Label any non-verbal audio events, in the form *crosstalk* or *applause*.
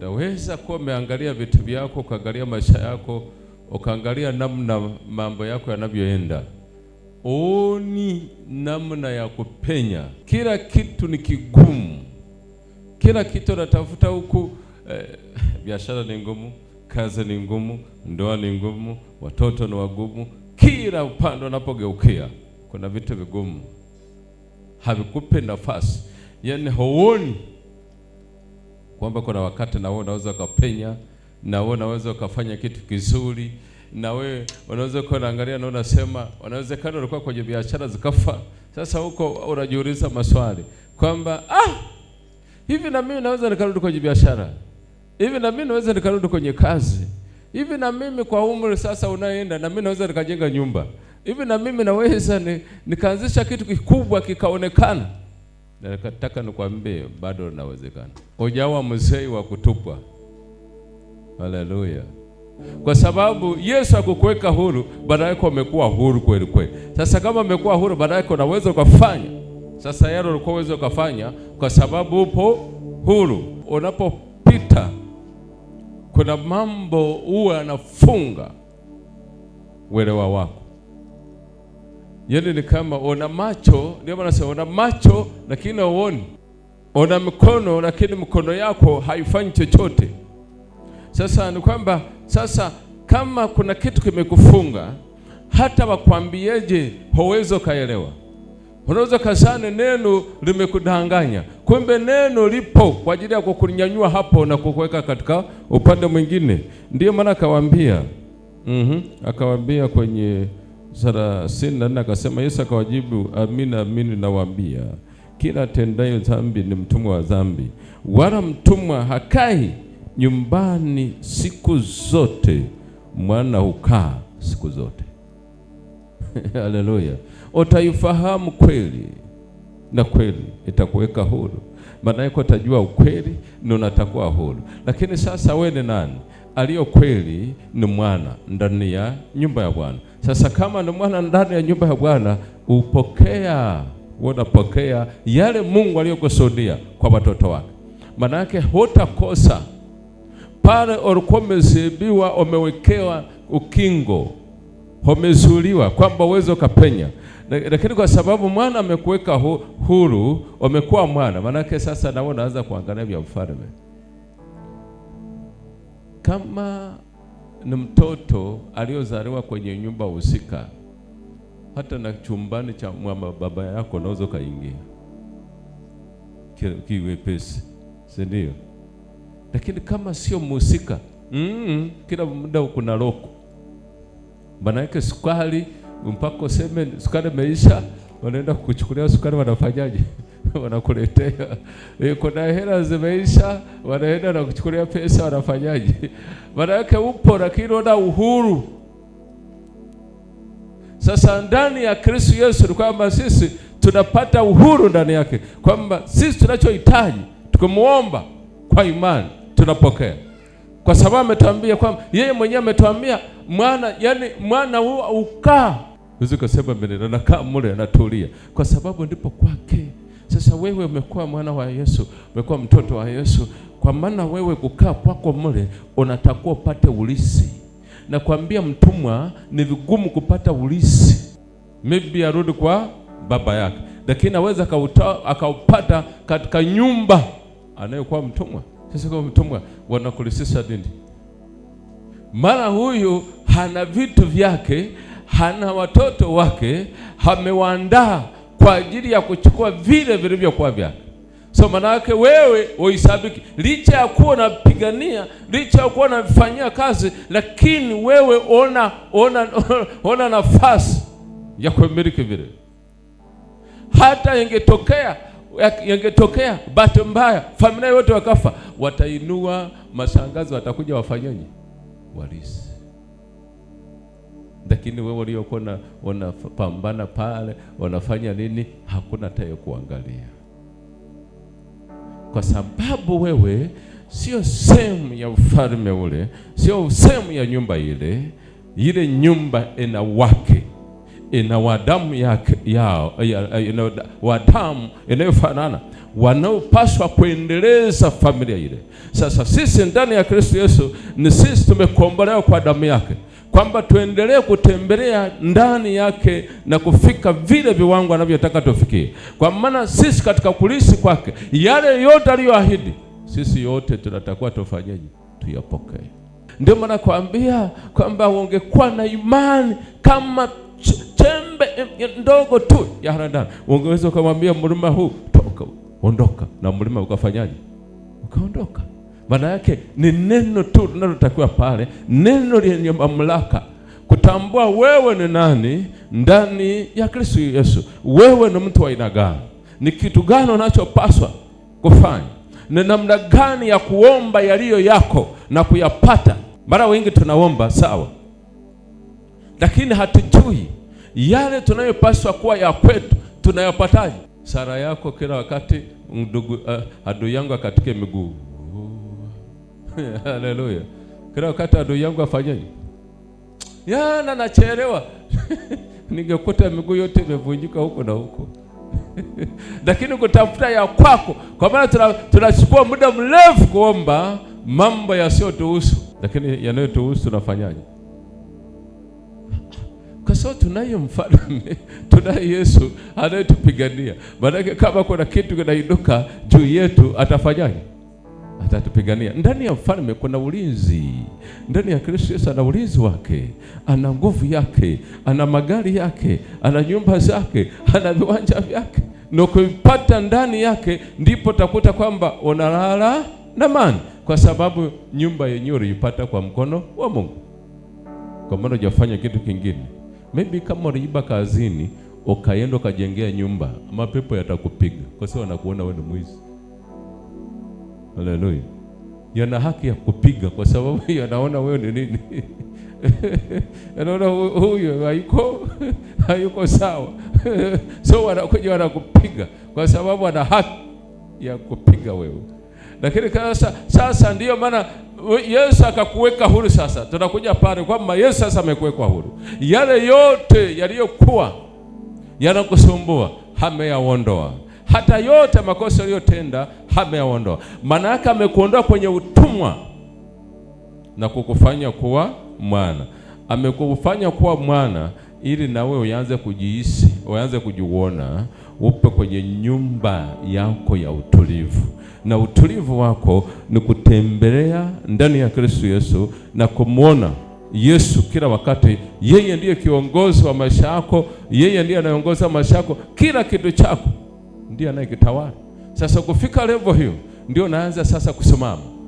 Unaweza kuwa umeangalia vitu vyako, ukaangalia maisha yako, ukaangalia namna mambo yako yanavyoenda, uoni namna ya kupenya. Kila kitu ni kigumu, kila kitu natafuta huku eh, biashara ni ngumu, kazi ni ngumu, ndoa ni ngumu, watoto ni wagumu, kila upande unapogeukia kuna vitu vigumu, havikupe nafasi, yaani huoni kwamba kuna wakati na wewe unaweza ukapenya, na wewe unaweza ukafanya kitu kizuri, na wewe unaweza ukawa unaangalia na unasema, unawezekana ulikuwa kwenye biashara zikafa. Sasa huko unajiuliza maswali kwamba ah, hivi na mimi naweza nikarudi kwenye biashara, hivi na mimi naweza nikarudi kwenye kazi, hivi na mimi kwa umri sasa unaenda, na mimi naweza nikajenga nyumba, hivi na mimi naweza nikaanzisha kitu kikubwa kikaonekana Nataka nikwambie bado inawezekana. ujawa mzee wa kutupwa. Haleluya! Kwa sababu Yesu akukuweka huru, baada yako amekuwa huru kweli kweli. Sasa kama amekuwa huru, baada yako unaweza ukafanya sasa yale ulikuwa uweze ukafanya, kwa sababu upo huru. Unapopita kuna mambo huwa anafunga uelewa wako yani ni kama ona macho, ndio maana nasema ona macho lakini hauoni, ona mikono lakini mikono yako haifanyi chochote. Sasa ni kwamba sasa, kama kuna kitu kimekufunga, hata wakwambieje hauwezi ukaelewa. Unaweza kasane neno limekudanganya, kumbe neno lipo kwa ajili ya kukunyanyua hapo na kukuweka katika upande mwingine. Ndiyo maana akawaambia, mm -hmm, akawaambia kwenye thelathini uh, na nne akasema Yesu akawajibu, amina amini nawaambia, kila atendaye dhambi ni mtumwa wa dhambi, wala mtumwa hakai nyumbani siku zote, mwana hukaa siku zote. *laughs* Haleluya! utaifahamu kweli na kweli itakuweka huru, maana tajua utajua ukweli na utakuwa huru. Lakini sasa wewe ni nani? aliyo kweli ni mwana ndani ya nyumba ya Bwana. Sasa kama ni mwana ndani ya nyumba ya Bwana, upokea unapokea yale Mungu aliyokusudia kwa watoto wake, manake hutakosa pale ulikuwa umesibiwa, umewekewa ukingo, umezuliwa kwamba uweze ukapenya, lakini kwa sababu mwana amekuweka huru, umekuwa mwana, manake sasa nawe unaanza kuangalia vya mfalme kama ni mtoto aliyozaliwa kwenye nyumba husika, hata na chumbani cha mama baba yako unaweza ukaingia kiwepesi, si ndio? Lakini kama sio mhusika mm kila muda kuna roko, maana yake sukari mpaka useme sukari imeisha, wanaenda kuchukulia sukari, wanafanyaje? *laughs* *laughs* wanakuletea kuna hela zimeisha, wanaenda na kuchukulia pesa, wanafanyaje? *laughs* yake upo lakini una uhuru. Sasa ndani ya Kristo Yesu ni kwamba sisi tunapata uhuru ndani yake, kwamba sisi tunachohitaji tukimuomba kwa imani tunapokea, kwa sababu ametuambia kwamba yeye mwenyewe ametuambia mwana, yani mwana huwa ukaa, ukasema mimi nakaa mule, anatulia kwa sababu ndipo kwake sasa wewe umekuwa mwana wa Yesu, umekuwa mtoto wa Yesu, kwa maana wewe kukaa kwako mle unatakuwa upate ulisi. Na kuambia mtumwa ni vigumu kupata ulisi, maybe arudi kwa baba yake, lakini aweza akaupata katika nyumba anayokuwa mtumwa. Sasa kwa mtumwa wanakulisisha nini? Mara huyu hana vitu vyake, hana watoto wake, amewaandaa kwa ajili ya kuchukua vile vilivyokuwa vyake. So manake wewe uisabiki, licha ya kuwa unapigania, licha ya kuwa unafanyia kazi, lakini wewe ona, ona, *laughs* ona nafasi ya kumiliki vile. Hata ingetokea yangetokea bahati mbaya familia yote wakafa, watainua mashangazi, watakuja wafanyenye walisi lakini wewe na wanapambana pale wanafanya nini, hakuna tayo kuangalia, kwa sababu wewe sio sehemu ya ufalme ule, sio sehemu ya nyumba ile. Ile nyumba ina wake, ina wadamu yake yao, ina wadamu inayofanana wanaopaswa kuendeleza familia ile. Sasa sisi ndani ya Kristo Yesu ni sisi tumekombolewa kwa damu yake kwamba tuendelee kutembelea ndani yake na kufika vile viwango anavyotaka tufikie, kwa maana sisi katika kulisi kwake yale yote aliyoahidi, sisi yote tunatakuwa tufanyeje? Tuyapokee. Ndio maana kwambia kwamba ungekuwa na imani kama chembe ndogo tu ya haradali, ungeweza ukamwambia mlima huu toka, ondoka, na mlima ukafanyaje? Ukaondoka. Maana yake ni neno tu linalotakiwa pale, neno lenye mamlaka kutambua wewe ni nani ndani ya Kristo Yesu. Wewe ni mtu wa aina gani? Ni kitu gani unachopaswa kufanya? Ni namna gani ya kuomba yaliyo yako na kuyapata? Mara wengi tunaomba sawa, lakini hatujui yale tunayopaswa kuwa ya kwetu tunayapataje? Sara yako kila wakati ndugu, uh, adui yangu akatike miguu *laughs* Haleluya! Kila wakati adui yangu afanyaje? *tsk* Yana nachelewa *laughs* ningekuta miguu yote imevunjika huko na huko *laughs* lakini kutafuta ya kwako, kwa maana tunachukua muda mrefu kuomba mambo yasiyotuhusu, lakini yanayotuhusu tunafanyaje? *tsk* Kwa sababu tunaye mfalme, tunaye Yesu anayetupigania. Maanake kama kuna kitu kinaiduka juu yetu, atafanyaje? atatupigania. Ndani ya mfalme kuna ulinzi, ndani ya Kristo Yesu ana ulinzi wake, ana nguvu yake, ana magari yake, ana nyumba zake, ana viwanja vyake, na kuipata ndani yake ndipo takuta kwamba unalala na amani, kwa sababu nyumba yenyewe uliipata kwa mkono wa Mungu, kwa maana hujafanya kitu kingine. Maybe kama uliiba kazini ukaenda ukajengea nyumba, mapepo yatakupiga kwa sababu anakuona wewe ni mwizi. Haleluya. Yana haki ya kupiga kwa sababu *laughs* yanaona wewe ni nini? *laughs* Yanaona huyo hayuko *laughs* hayuko sawa. So wanakuja wanakupiga kwa sababu ana haki ya kupiga wewe. Lakini sasa sasa ndiyo maana Yesu akakuweka huru. Sasa tunakuja pale kwamba Yesu sasa amekuwekwa huru, yale yote yaliyokuwa yanakusumbua ameyaondoa hata yote makosa aliyotenda ameyaondoa. Maana yake amekuondoa kwenye utumwa na kukufanya kuwa mwana. Amekufanya kuwa mwana ili na wewe uanze kujihisi, uanze kujiona upe kwenye nyumba yako ya utulivu, na utulivu wako ni kutembelea ndani ya Kristo Yesu na kumwona Yesu kila wakati. Yeye ndiye kiongozi wa maisha yako, yeye ndiye anaongoza maisha yako, kila kitu chako ndiye anayekitawala. Sasa kufika level hiyo, ndio naanza sasa kusimama